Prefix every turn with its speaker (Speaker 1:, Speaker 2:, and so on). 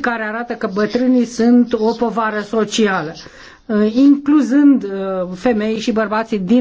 Speaker 1: care arată că bătrânii sunt o povară socială uh, incluzând uh, femei și bărbații din